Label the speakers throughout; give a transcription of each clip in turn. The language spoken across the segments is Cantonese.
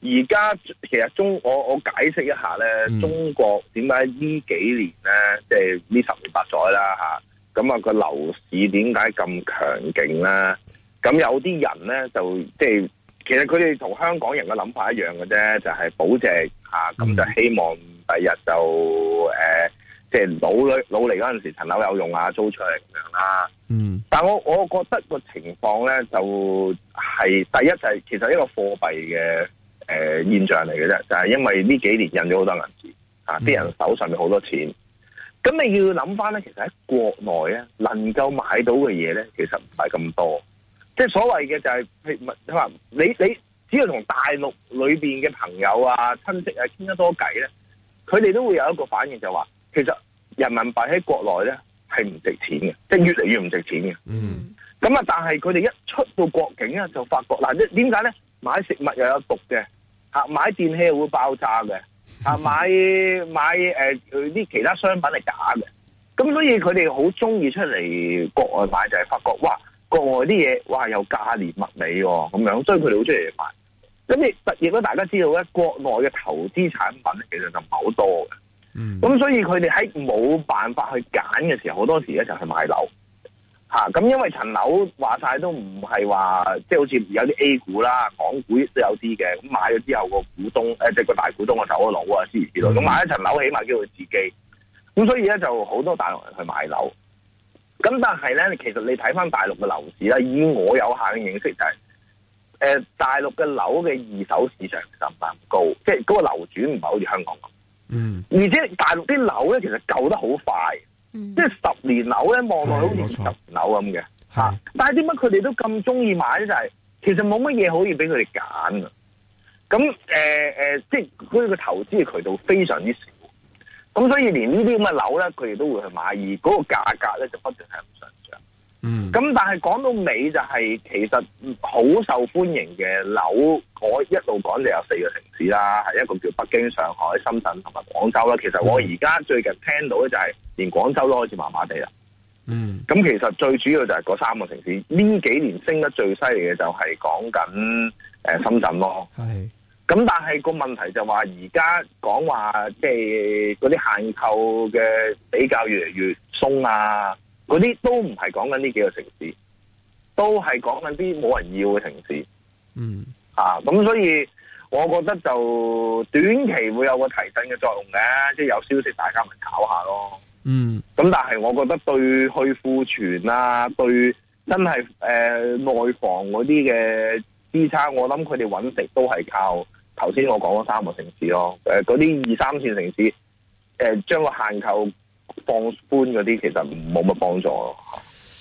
Speaker 1: 而家其實中，我我解釋一下咧，嗯、中國點解呢幾年咧，即係呢十年八載啦嚇，咁啊、個樓市點解咁強勁咧？咁有啲人咧就即係其實佢哋同香港人嘅諗法一樣嘅啫，就係、是、保值嚇，咁、啊、就、嗯、希望第日就誒即係老女老嚟嗰陣時，層樓有用啊，租出去咁樣啦。啊、嗯但，但係我我覺得個情況咧就係、是、第一就係、是、其實一個貨幣嘅。誒、呃，現象嚟嘅啫，就係、是、因為呢幾年印咗好多銀紙，啊，啲人手上面好多錢，咁你要諗翻咧，其實喺國內咧，能夠買到嘅嘢咧，其實唔係咁多，即係所謂嘅就係、是、譬如你話你你只要同大陸裏邊嘅朋友啊、親戚啊傾得多偈咧，佢哋都會有一個反應，就話其實人民幣喺國內咧係唔值錢嘅，即係越嚟越唔值錢嘅。嗯，咁啊，但係佢哋一出到國境咧就發覺，嗱、啊，點解咧？買食物又有毒嘅。吓買電器會爆炸嘅，吓買買誒啲，呃、其他商品係假嘅，咁所以佢哋好中意出嚟國外買就係、是、發覺哇，國外啲嘢哇有價廉物美咁、哦、樣，所以佢哋好中意買。咁你實如果大家知道咧，國內嘅投資產品其實就唔係好多嘅，咁所以佢哋喺冇辦法去揀嘅時候，好多時咧就係買樓。吓咁，嗯嗯、因為層樓話晒都唔係話，即係好似有啲 A 股啦、港股都有啲嘅，咁買咗之後個股東誒，即係個大股東我走咗佬啊，知唔知道？咁買咗一層樓起碼叫佢自己，咁、嗯、所以咧就好多大陸人去買樓。咁、嗯、但係咧，其實你睇翻大陸嘅樓市咧，以我有限嘅認識就係、是，誒、呃，大陸嘅樓嘅二手市場就唔係咁高，即係嗰個樓轉唔係好似香港咁。嗯。而且大陸啲樓咧，其實舊得好快。 即係十年樓咧，望落好似十年樓咁嘅吓，啊、但係點解佢哋都咁中意買咧？就係、是、其實冇乜嘢可以俾佢哋揀嘅，咁誒誒，即係嗰個投資嘅渠道非常之少，咁所以連呢啲咁嘅樓咧，佢哋都會去買，而嗰個價格咧就不斷係咁上漲。嗯，咁但係講到尾就係、是、其實好受歡迎嘅樓。我一路講就有四個城市啦，係一個叫北京、上海、深圳同埋廣州啦。其實我而家最近聽到咧，就係連廣州都開始麻麻地啦。嗯，咁其實最主要就係嗰三個城市呢幾年升得最犀利嘅就係講緊誒深圳咯。係是，咁但係個問題就話而家講話即係嗰啲限購嘅比較越嚟越鬆啊，嗰啲都唔係講緊呢幾個城市，都係講緊啲冇人要嘅城市。嗯。啊，咁所以，我覺得就短期會有個提振嘅作用嘅，即係有消息大家咪搞一下咯。嗯，咁但係我覺得對去庫存啊，對真係誒、呃、內房嗰啲嘅支撐，我諗佢哋搵食都係靠頭先我講嗰三個城市咯。誒，嗰啲二三線城市，誒、呃、將個限購放寬嗰啲，其實冇乜幫助咯。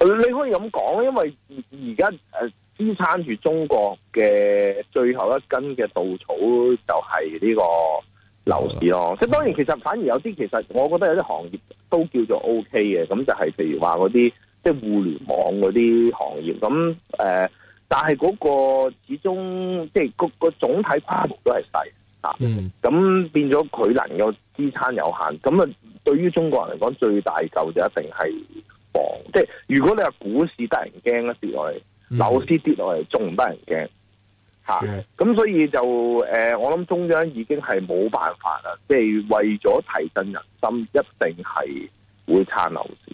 Speaker 1: 你可以咁講，因為而家誒支撐住中國嘅最後一根嘅稻草就係呢個樓市咯。即係、嗯嗯、當然，其實反而有啲其實我覺得有啲行業都叫做 O K 嘅，咁就係譬如話嗰啲即係互聯網嗰啲行業咁誒、呃。但係嗰個始終即係個個總體規模都係細啊。咁、嗯、變咗佢能夠支撐有限，咁啊對於中國人嚟講，最大嚿就一定係。即係如果你話股市得人驚一跌落嚟，樓市跌落嚟仲唔得人驚，吓咁、嗯啊、所以就誒、呃，我諗中央已經係冇辦法啦，即係為咗提振人心，一定係會撐樓市。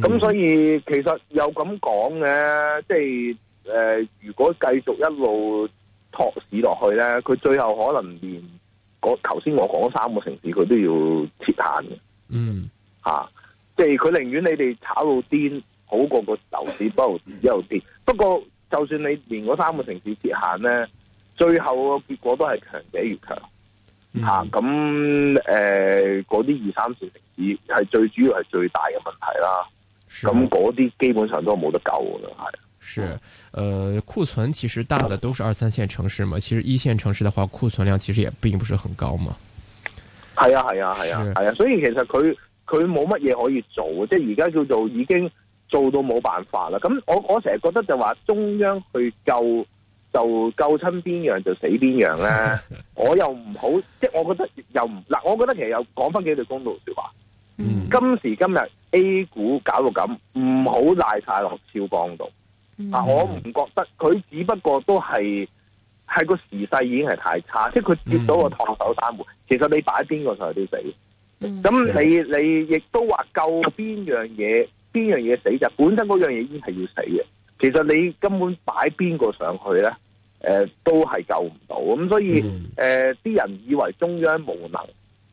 Speaker 1: 咁、嗯、所以其實又咁講嘅，即係誒、呃，如果繼續一路托市落去咧，佢最後可能連剛才我頭先我講三個城市，佢都要撤限嘅，嗯，吓、啊。即係佢寧願你哋炒到癲，好過個樓市，市，一路跌一路跌。不過就算你連嗰三個城市跌限咧，最後個結果都係強者越強。吓咁誒，嗰啲、啊呃、二三線城市係最主要係最大嘅問題啦。咁嗰啲基本上都冇得救噶係。
Speaker 2: 是，誒、呃、庫存其實大的都是二三線城市嘛。其實一線城市嘅話庫存量其實也並不是很高嘛。
Speaker 1: 係啊係啊係啊係啊，所以其實佢。佢冇乜嘢可以做，即係而家叫做已經做到冇辦法啦。咁我我成日覺得就話中央去救就救親邊樣就死邊樣咧、啊。 我又唔好，即係我覺得又唔嗱，我覺得其實又講翻幾句公道說話。嗯、今時今日 A 股搞到咁，唔好賴晒落超光度我唔覺得，佢只不過都係係個時勢已經係太差，嗯、即係佢接到個燙手山芋。其實你擺邊個上去都死。咁、嗯、你你亦都話救邊樣嘢，邊樣嘢死就本身嗰樣嘢已經係要死嘅。其實你根本擺邊個上去咧，誒、呃、都係救唔到。咁所以誒啲、呃、人以為中央無能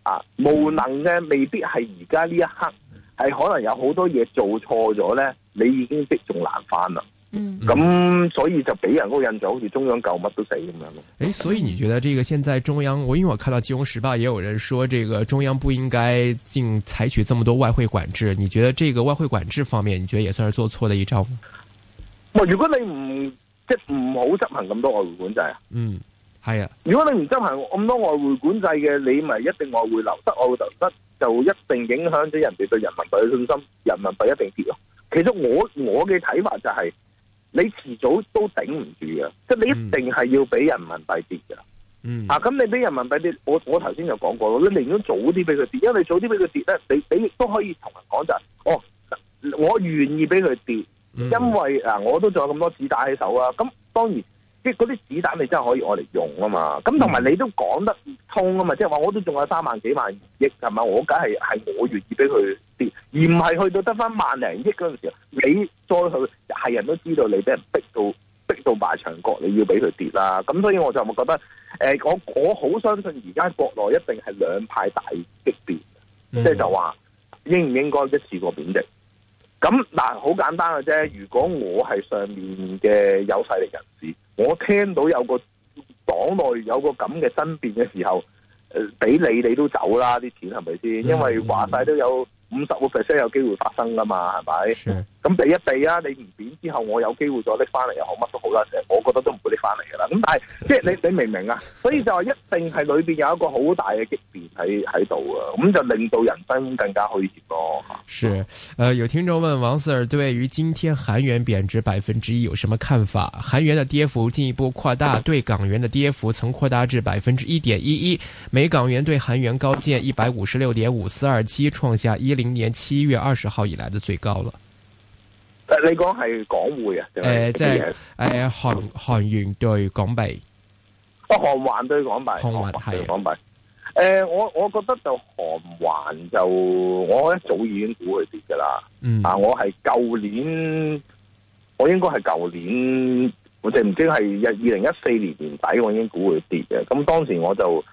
Speaker 1: 啊，無能咧未必係而家呢一刻係可能有好多嘢做錯咗咧，你已經積重難返啦。咁、嗯、所以就俾人嗰印象，好似中央救乜都死咁樣。
Speaker 2: 誒，所以你覺得這個現在中央，我因為我看到《金融時報》也有人說，這個中央不應該進採取這麼多外匯管制。你覺得這個外匯管制方面，你覺得也算是做錯的一招嗎？
Speaker 1: 唔，如果你唔即係唔好執行咁多外匯管制啊，
Speaker 2: 嗯，係啊。
Speaker 1: 如果你唔執行咁多外匯管制嘅，你咪一定外匯流得、得，外匯流得就一定影響咗人哋對人民幣嘅信心，人民幣一定跌咯。其實我我嘅睇法就係、是。你遲早都頂唔住嘅，即係你一定係要俾人民幣跌嘅。嗯，啊，咁你俾人民幣跌，我我頭先就講過咯，你寧願早啲俾佢跌，因為你早啲俾佢跌咧，你你亦都可以同人講就係，哦，我願意俾佢跌，因為啊，我都仲有咁多子彈喺手啊，咁當然。即嗰啲子彈，你真係可以愛嚟用啊嘛！咁同埋你都講得通啊嘛！即係話我都仲有三萬幾萬億，係咪？我梗係我願意俾佢跌，而唔係去到得返萬零億嗰陣時，你再去係人都知道你俾人逼到逼到埋牆角，你要俾佢跌啦。咁所以我就覺得，誒、欸，我我好相信而家國內一定係兩派大激辯，嗯、即係就話應唔應該一次過貶值。咁嗱，好簡單嘅啫。如果我係上面嘅有勢力人士。我聽到有個黨內有個咁嘅爭辯嘅時候，誒、呃、俾你你都走啦啲錢係咪先？因為話晒都有五十個 percent 有機會發生噶嘛，係咪的？咁避一避啊！你唔貶之後，我有機會再拎翻嚟又好，乜都好啦。我覺得都唔會拎翻嚟噶啦。咁但係，即係你你明唔明啊？所以就話一定係裏邊有一個好大嘅激變喺喺度啊！咁就令到人生更加虛脱
Speaker 2: 咯。是，呃，有聽眾問王 Sir 對於今天韓元貶值百分之一有什麼看法？韓元的跌幅進一步擴大，對港元的跌幅曾擴大至百分之一點一一，每港元對韓元高見一百五十六點五四二七，創下一零年七月二十號以來的最高了。
Speaker 1: 誒，你講係港匯啊？誒，即
Speaker 2: 係誒，韓韓元兌港幣，
Speaker 1: 不韓元兌港幣，韓元係港幣。誒，我我覺得就韓圜就我一早已經估佢跌㗎喇。嗯，但係我係舊年，我應該係舊年，我哋唔知係二二零一四年年底，我已經估佢跌嘅。咁當時我就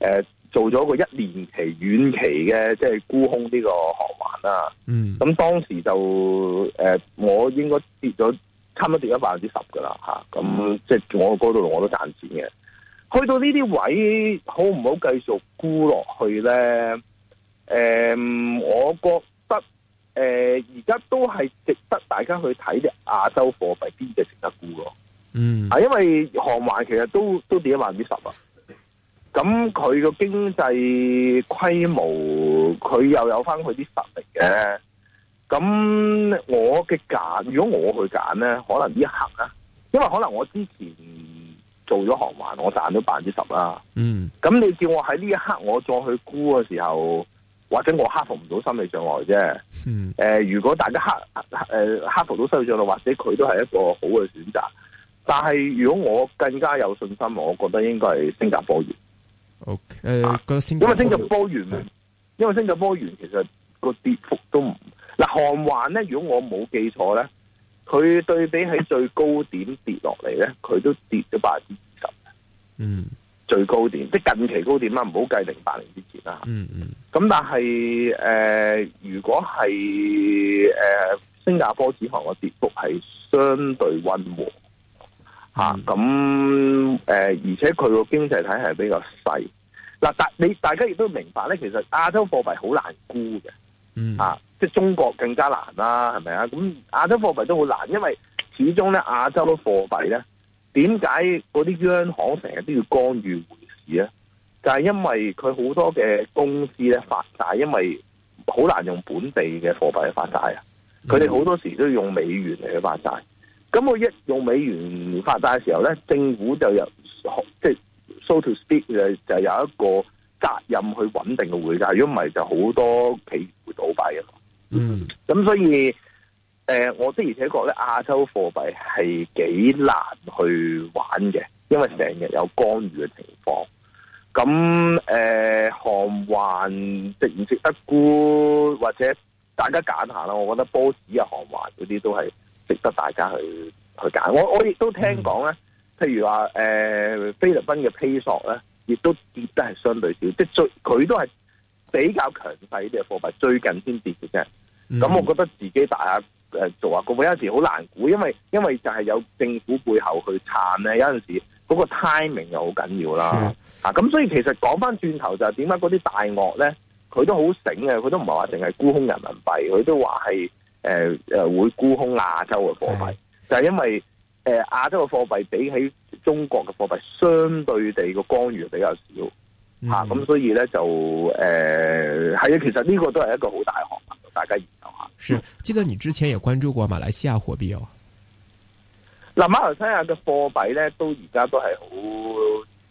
Speaker 1: 誒。做咗個一年期，遠期嘅即係沽空呢個航環啦，咁、嗯、當時就誒、呃，我應該跌咗差唔多跌咗百分之十噶啦嚇，咁、啊嗯嗯、即係我嗰度我，我都賺錢嘅。去到呢啲位，好唔好繼續沽落去咧？誒、呃，我覺得誒而家都係值得大家去睇嘅亞洲貨幣邊隻值得沽咯。嗯、係、啊、因為航環其實都都跌咗百分之十啊。咁佢個經濟規模，佢又有翻佢啲實力嘅。咁我嘅揀，如果我去揀咧，可能呢一刻咧，因為可能我之前做咗航運，我賺咗百分之十啦。嗯。咁你叫我喺呢一刻我再去沽嘅時候，或者我克服唔到心理障礙啫。嗯、呃。如果大家克克服到心理障礙，或者佢都係一個好嘅選擇。但係如果我更加有信心，我覺得應該係新加坡遠。誒，
Speaker 2: 咁、okay. uh, 啊、因為新加坡元，嗯、
Speaker 1: 因為新加坡元其實個跌幅都唔，嗱、啊，航運咧，如果我冇記錯咧，佢對比喺最高點跌落嚟咧，佢都跌咗百分之二十。嗯，最高點，即係近期高點啦，唔好計零八年之前啦。嗯嗯。咁但係誒、呃，如果係誒、呃，新加坡指行個跌幅係相對溫和，吓咁誒，而且佢個經濟體係比較細。嗱，大你大家亦都明白咧，其實亞洲貨幣好難估嘅，吓、嗯啊，即係中國更加難啦，係咪啊？咁亞洲貨幣都好難，因為始終咧亞洲嘅貨幣咧，點解嗰啲央行成日都要干預匯市咧？就係、是、因為佢好多嘅公司咧發債，因為好難用本地嘅貨幣去發債啊，佢哋好多時都用美元嚟去發債。咁我一用美元發債嘅時候咧，政府就由即係。就是 So to speak，就就有一個責任去穩定嘅匯價，如果唔係就好多企業會倒閉嘅。嗯，咁所以，誒、呃，我的而且確咧，亞洲貨幣係幾難去玩嘅，因為成日有干預嘅情況。咁誒、呃，韓圜值唔值得估，或者大家揀下啦。我覺得波士啊、韓圜嗰啲都係值得大家去去揀。我我亦都聽講咧。Mm. 譬如話誒、呃，菲律賓嘅披索咧，亦都跌得係相對少，即係最佢都係比較強勢啲嘅貨幣，最近先跌嘅啫。咁、嗯、我覺得自己大家誒做下，股有陣時好難估，因為因為就係有政府背後去撐咧，有陣時嗰個 timing 又好緊要啦。嗯、啊，咁所以其實講翻轉頭就係點解嗰啲大鱷咧，佢都好醒嘅，佢都唔係話淨係沽空人民幣，佢都話係誒誒會沽空亞洲嘅貨幣，嗯、就係因為。誒，亞、呃、洲嘅貨幣比起中國嘅貨幣相對地嘅干預比較少，吓咁、嗯啊、所以咧就誒係啊，其實呢個都係一個好大嘅學題，大家研究一下。
Speaker 2: 是，嗯、記得你之前也關注過馬來西亞貨幣哦。
Speaker 1: 嗱，馬來西亞嘅貨幣咧，都而家都係好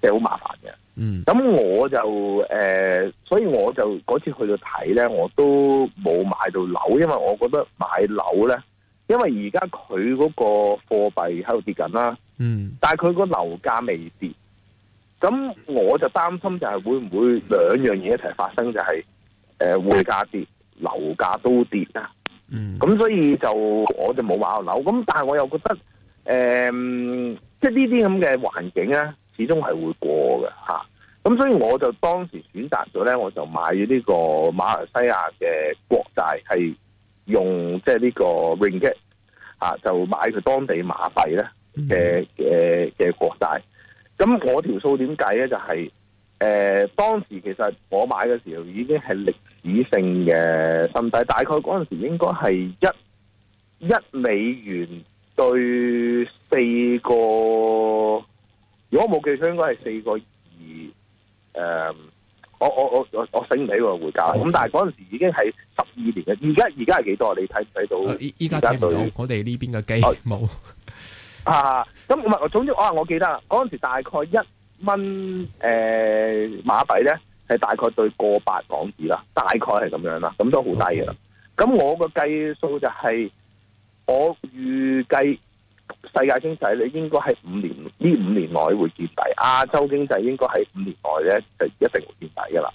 Speaker 1: 即係好麻煩嘅。嗯，
Speaker 2: 咁我
Speaker 1: 就誒、呃，所以我就嗰次去到睇咧，我都冇買到樓，因為我覺得買樓咧。因為而家佢嗰個貨幣喺度跌緊啦，嗯，但係佢個樓價未跌，咁我就擔心就係會唔會兩樣嘢一齊發生，就係誒匯價跌，樓價都跌啦，嗯，咁所以就我就冇買樓，咁但係我又覺得誒，即係呢啲咁嘅環境咧、啊，始終係會過嘅吓，咁、啊、所以我就當時選擇咗咧，我就買咗呢個馬來西亞嘅國債係。用即係呢個 ringgit 就買佢當地馬幣咧嘅嘅嘅國債。咁我條數點計咧？就係、是、誒、呃、當時其實我買嘅時候已經係歷史性嘅，甚至大概嗰陣時應該係一一美元對四個，如果冇記錯應該係四個二。我我我我我醒唔起個匯價，咁但係嗰陣時已經係十二年嘅，而家而家係幾多？你睇唔睇到？依依家點對沒有、啊？
Speaker 2: 我哋呢邊嘅機冇
Speaker 1: 啊，咁唔係，總之我我記得啦，嗰陣時大概一蚊誒馬幣咧係大概對過百港紙啦，大概係咁樣啦，咁都好低嘅啦。咁 Okay. 我個計數就係、是、我預計。世界經濟你應該喺五年呢五年內會見底，亞洲經濟應該係五年內咧就一定會見底噶啦。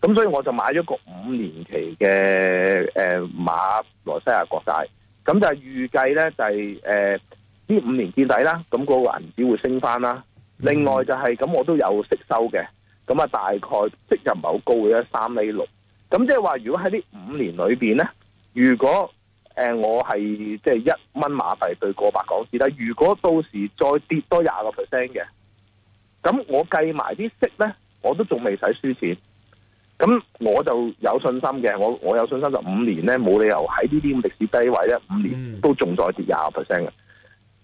Speaker 1: 咁所以我就買咗個五年期嘅、誒、呃、馬來西亞國債，咁就係預計咧就係誒呢五年見底啦。咁嗰個銀紙會升翻啦。另外就係、是、咁，我都有息收嘅，咁啊，大概息不就唔係好高嘅，三厘六。咁即係話如果喺呢五年裏邊咧，如果誒，我係即係一蚊馬幣兌過百港紙，但係如果到時再跌多廿個 percent 嘅，咁我計埋啲息咧，我都仲未使輸錢。咁我就有信心嘅，我我有信心就五年咧冇理由喺呢啲咁歷史低位咧，五年都仲再跌廿個 percent 嘅。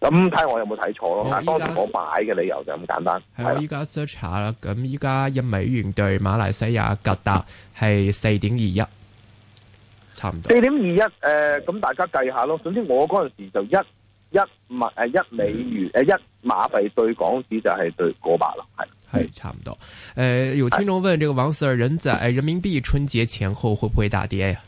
Speaker 1: 咁睇下我有冇睇錯咯。但係當時我買嘅理由就咁簡單。我依
Speaker 2: 家 search 下啦，咁依家一美元兌馬來西亞吉達係四點二一。四點二一
Speaker 1: 誒，咁、呃、大家計下咯。總之我嗰陣時就一一萬誒一美元誒一馬幣對港紙就係對過百咯，係
Speaker 2: 係、嗯、差唔多。誒、呃，有聽眾問，這個王 Sir，人仔人民幣春節前後會不會大跌呀？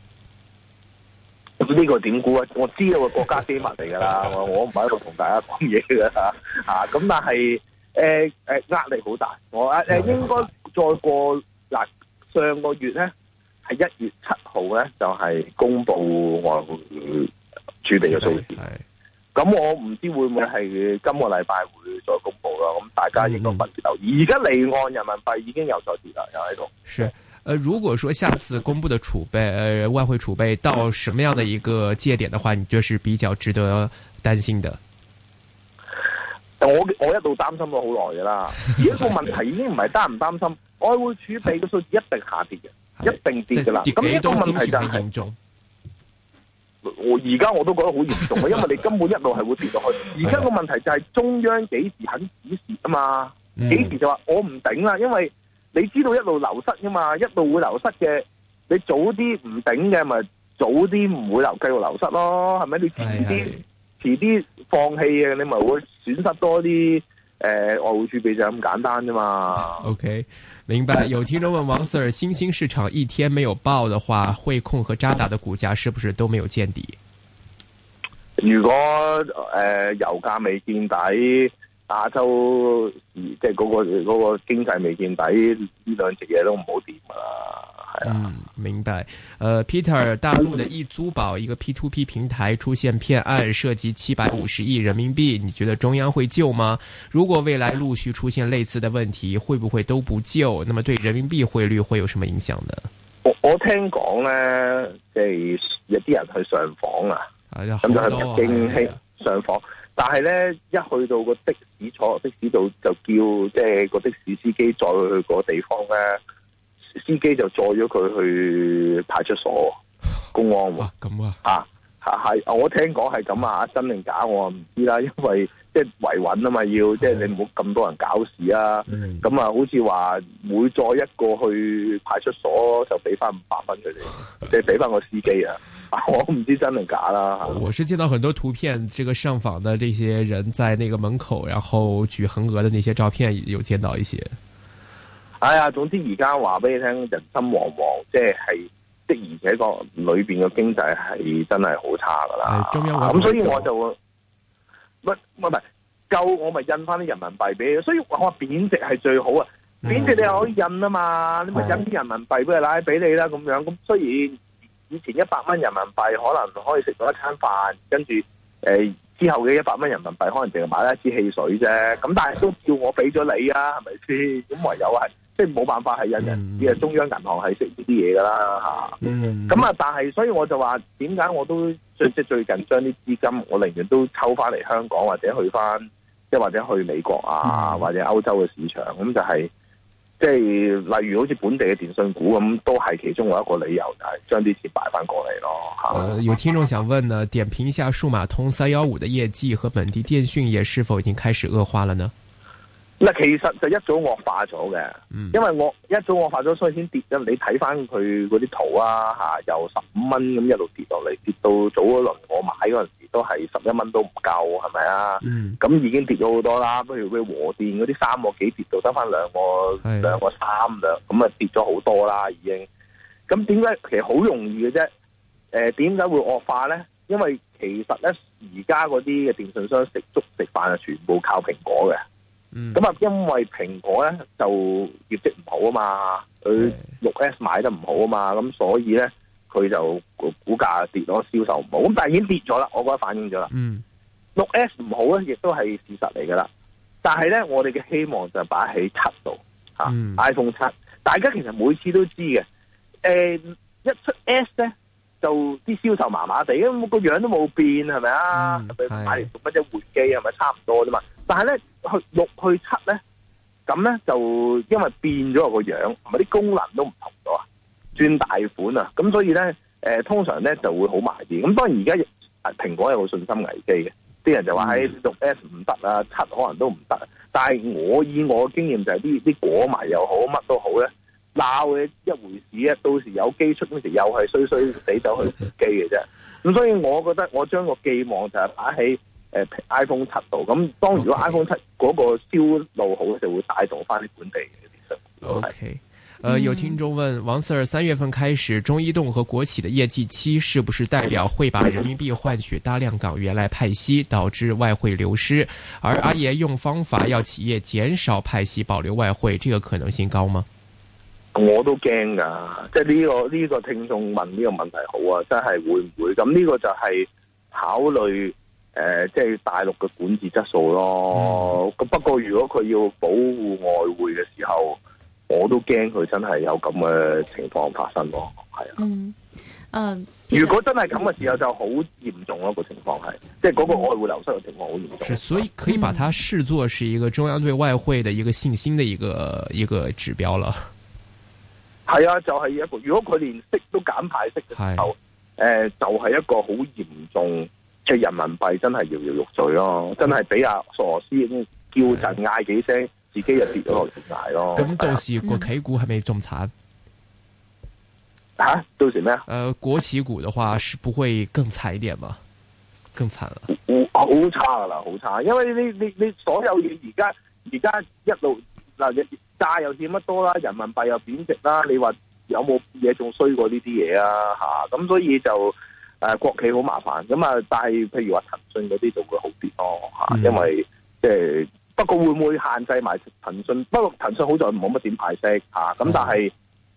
Speaker 1: 呢個點估啊？我知道個國家機密嚟噶啦， 我唔係喺度同大家講嘢噶吓。咁、啊、但係誒誒壓力好大，我誒、呃、應該再過嗱、呃、上個月咧。一月七號咧就係、是、公布外匯儲備嘅數字，咁我唔知會唔會係今個禮拜會再公佈咯，咁大家應該密切留意。而家離岸人民幣已經有所跌啦，又喺度。
Speaker 2: 是，誒、呃，如果說下次公布的儲備，誒、呃，外匯儲備到什麼樣的一個界點的話，你覺得係比較值得擔心的？
Speaker 1: 我我一路擔心咗好耐噶啦，而家個問題已經唔係擔唔擔心，外匯儲備嘅數字一定下跌嘅，的一定跌噶啦。咁呢的的個問題就係、是，我而家我都覺得好嚴重啊， 因為你根本一路係會跌落去。的而家個問題就係中央幾時肯指示啊嘛？幾的時就話我唔頂啦？因為你知道一路流失噶嘛，一路會流失嘅。你早啲唔頂嘅，咪早啲唔會流，繼續流失咯，係咪？你注啲。遲啲放棄啊！你咪會損失多啲，誒外匯儲備，就咁簡單啫嘛。
Speaker 2: OK，明白。有聽眾問王 Sir，新興市場一天沒有爆嘅話，匯控和渣打嘅股價是不是都沒有見底？
Speaker 1: 如果誒、呃、油價未見底，亞洲即係、嗰、嗰個嗰、嗰個經濟未見底，呢兩隻嘢都唔好。
Speaker 2: 嗯，明白。呃，Peter，大陸的易租寶一個 P2P 平台出現騙案，涉及七百五十億人民幣。你覺得中央會救嗎？如果未來陸續出現類似的問題，會不會都不救？那麼對人民幣匯率會有什麼影響呢？
Speaker 1: 我我聽講呢即係、就是、有啲人去上訪啊，
Speaker 2: 咁、哎哦、就去北京、哎、
Speaker 1: 呀上訪。但係呢，一去到個的士坐的士度就叫，即係個的士司機再去個地方咧。司機就載咗佢去派出所，公安喎，咁啊，吓、啊，係、啊、我聽講係咁啊，真定假我唔知啦，因為即係維穩啊嘛，要即係你唔好咁多人搞事啊，咁、嗯、啊，好似話每載一個去派出所就俾翻五百蚊佢哋，即係俾翻個司機啊，我唔知真定假啦。
Speaker 2: 我是見到很多圖片，這個上訪的這些人在那個門口然後舉橫額的那些照片，有見到一些。
Speaker 1: 哎呀，總之而家話俾你聽，人心惶惶、就是，即係的而且確裡面的是的的是個裡邊嘅經濟係真係好差噶
Speaker 2: 啦。咁、啊、所以我
Speaker 1: 就乜唔係唔係夠，就我咪印翻啲人民幣俾你。所以我話貶值係最好啊，貶值你又可以印啊嘛，你咪印啲人民幣俾你啦，俾你啦。咁樣咁雖然以前一百蚊人民幣可能可以食到一餐飯，跟住誒、呃、之後嘅一百蚊人民幣可能淨係買得一支汽水啫。咁但係都叫我俾咗你啊，係咪先？咁 唯有係。即係冇辦法係人人，亦係中央銀行係食呢啲嘢噶啦吓。咁啊、嗯，但係所以我就話，點解我都即係最近將啲資金，我寧願都抽翻嚟香港或者去翻，即係或者去美國啊，或者歐洲嘅市場。咁就係即係例如好似本地嘅電信股咁，都係其中一個理由，就係將啲錢擺翻過嚟咯。
Speaker 2: 吓、呃，有聽眾想問呢，點評一下數碼通三幺五嘅業績和本地電訊業是否已經開始惡化喇呢？
Speaker 1: 嗱，其實就一早惡化咗嘅，因為我一早惡化咗，所以先跌。因你睇翻佢嗰啲圖啊，嚇由十五蚊咁一路跌落嚟，跌到早嗰輪我買嗰陣時候都係十一蚊都唔夠，係咪啊？咁、嗯、已經跌咗好多啦。不如佢和電嗰啲三個幾跌到得翻兩個是的 兩個三兩，咁啊跌咗好多啦已經。咁點解其實好容易嘅啫？誒，點解會惡化咧？因為其實咧，而家嗰啲嘅電訊商食，食粥食飯啊，全部靠蘋果嘅。咁啊，嗯、因為蘋果咧就業績唔好啊嘛，佢六是 S, S 買得唔好啊嘛，咁所以咧佢就個股價跌咗，銷售唔好，咁但係已經跌咗啦，我覺得反映咗啦。六 S 唔、嗯、好咧，亦都係事實嚟噶啦。但係咧，我哋嘅希望就係擺喺七度吓 iPhone 七，大家其實每次都知嘅。誒、欸，一出 S 咧就啲銷售麻麻地，咁個樣都冇變，係咪啊？佢、嗯、買嚟做乜嘢換機，係咪差唔多啫嘛？但係咧，去六去七咧，咁咧就因為變咗個樣，同埋啲功能都唔同咗啊，轉大款啊，咁所以咧，誒、呃，通常咧就會好埋啲。咁當然而家蘋果有個信心危機嘅，啲人就話喺六 S 唔得啊，七可能都唔得。但係我以我嘅經驗就係啲啲果埋又好，乜都好咧，鬧嘅一回事啊。到時候有機出嗰時又係衰衰死走去死機嘅啫。咁所以我覺得我將個寄望就係打喺。誒，iPhone 七度咁，當然如果 iPhone 七嗰個銷路好，就會帶動翻啲
Speaker 2: 本地嘅 O K，呃，有聽眾問王 Sir，三月份開始中移動和國企的業績期，是不是代表會把人民幣換取大量港元來派息，導致外匯流失？而阿爺用方法要企業減少派息，保留外匯，這個可能性高嗎？
Speaker 1: 我都驚噶，即係呢個呢、呢個聽眾問呢個問題好啊，真係會唔會咁？呢個就係考慮。誒、呃，即係大陸嘅管治質素咯。咁、嗯、不過如果佢要保護外匯嘅時候，我都驚佢真係
Speaker 2: 有咁嘅情況發生咯。係啊，
Speaker 1: 嗯，呃、如，如果真係咁嘅時候就很嚴、嗯，就好嚴重咯個情況係，即係嗰個外匯流失嘅情況好嚴重。
Speaker 2: 所以可以把它視作是一個中央對外匯嘅一個信心嘅一個一個指標啦。
Speaker 1: 係、嗯、啊，就係、是、一個，如果佢連息都減派息嘅時候，誒唉、呃，就係、是、一個好嚴重。即係人民幣真係搖搖欲墜咯，真係俾阿傻斯叫陣嗌幾聲，對自己就跌咗落嚟捱咯。咁、嗯啊、到時國
Speaker 2: 企股係咪仲慘？嚇、啊，到時咩啊？誒、呃，國企股嘅話是不會更慘一點嘛？更慘啦、啊！好差
Speaker 1: 噶啦，好差！因為你你你所有嘢而家而家一路嗱，價、啊、又跌乜多啦，人民幣又貶值啦，你話有冇嘢仲衰過呢啲嘢啊？嚇、啊！咁、啊嗯、所以就。誒，國企好麻煩咁啊，但係譬如話騰訊嗰啲就會好啲咯吓，嗯、因為即係不過會唔會限制埋騰訊？不過騰訊好在冇乜點派息吓，咁、嗯、但係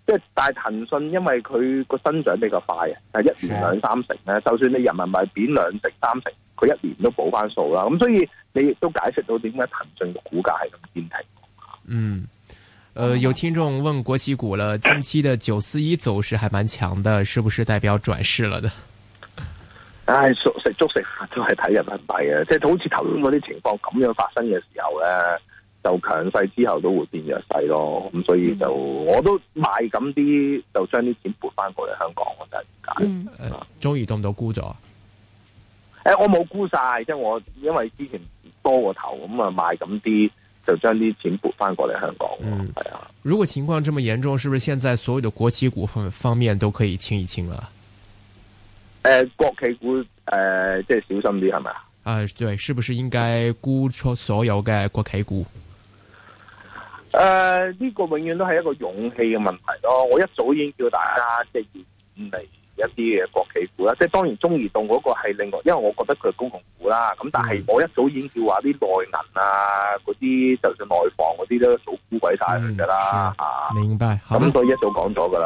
Speaker 1: 即係但係騰訊因為佢個增長比較快啊，就是、一年兩三成咧，的就算你人民幣貶兩成三成，佢一年都補翻數啦。咁所以你亦都解釋到點解騰訊嘅股價係咁堅挺。嗯，誒、
Speaker 2: 呃，有聽眾問國企股啦，近期的九四一走勢還蠻強的， 是不是代表轉勢了的？
Speaker 1: 唉、哎，食食粥食飯都係睇人民幣嘅，即係好似頭先嗰啲情況咁樣發生嘅時候咧，就強勢之後都會變弱勢咯。咁所以就我都賣咁啲，就將啲錢撥翻過嚟香港。我真係
Speaker 2: 唔解，終於、嗯、呃、都唔到沽咗。
Speaker 1: 誒、哎，我冇沽晒，即係我因為之前多過頭，咁啊賣咁啲，就將啲錢撥翻過嚟香港。
Speaker 2: 係、嗯、啊，如果情況這麼嚴重，是不是現在所有的國企股份方面都可以清一清啦、啊？
Speaker 1: 誒、呃，國企股誒、呃，即係小心啲係咪啊？
Speaker 2: 誒、呃，對，是不是應該沽出所有嘅國企股？
Speaker 1: 誒、呃，呢、這個永遠都係一個勇氣嘅問題咯。我一早已經叫大家即係遠離一啲嘅國企股啦。即係當然中移動嗰個係另外，因為我覺得佢係公用股啦。咁但係我一早已經叫話啲內銀啊，嗰啲就算內房嗰啲都都沽鬼晒佢噶啦。嗯
Speaker 2: 啊、明白。咁
Speaker 1: 所以一早講咗噶啦。